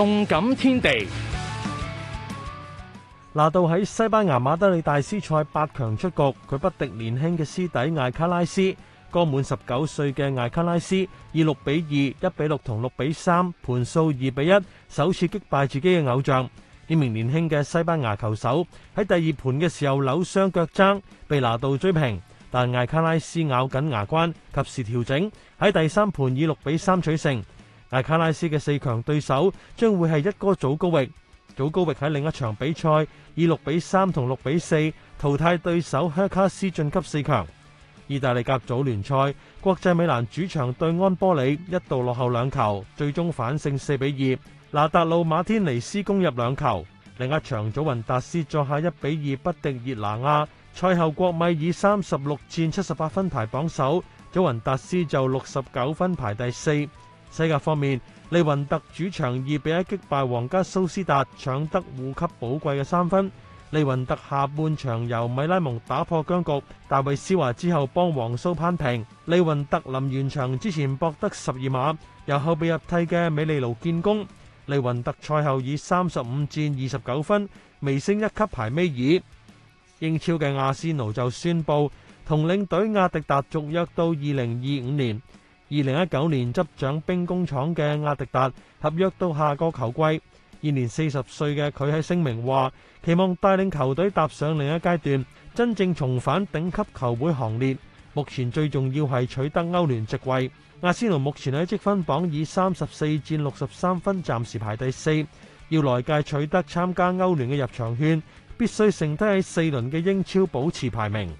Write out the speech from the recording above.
動感天地，拿度喺西班牙馬德里大師賽八強出局，佢不敵年輕嘅師弟艾卡拉斯。剛滿十九歲嘅艾卡拉斯以六比二、一比六同六比三盤數二比一，首次擊敗自己嘅偶像。呢名年輕嘅西班牙球手喺第二盤嘅時候扭傷腳踭，被拿度追平，但艾卡拉斯咬緊牙關，及時調整，喺第三盤以六比三取勝。艾卡拉斯嘅四強對手將會係一哥祖高域。祖高域喺另一場比賽以六比三同六比四淘汰對手靴卡斯晉級四強。意大利甲組聯賽，國際米蘭主場對安波里一度落後兩球，最終反勝四比二。拿達路馬天尼斯攻入兩球，另一場祖雲達斯作客一比二不敵熱拿亞。賽後國米以三十六戰七十八分排榜首，祖雲達斯就六十九分排第四。西甲方面，利雲特主場二比一擊敗皇家蘇斯達，搶得護級寶貴嘅三分。利雲特下半場由米拉蒙打破僵局，大衛施華之後幫皇蘇攀平。利雲特臨完場之前博得十二碼，由後備入替嘅美利奴建功。利雲特賽後以三十五戰二十九分，微升一級排尾二。英超嘅阿仙奴就宣布同領隊阿迪達續約到二零二五年。二零一九年執掌兵工廠嘅阿迪達合約到下個球季，現年四十歲嘅佢喺聲明話，期望帶領球隊踏上另一階段，真正重返頂級球會行列。目前最重要係取得歐聯席位。阿仙奴目前喺積分榜以三十四至六十三分暫時排第四，要來屆取得參加歐聯嘅入場券，必須剩低喺四輪嘅英超保持排名。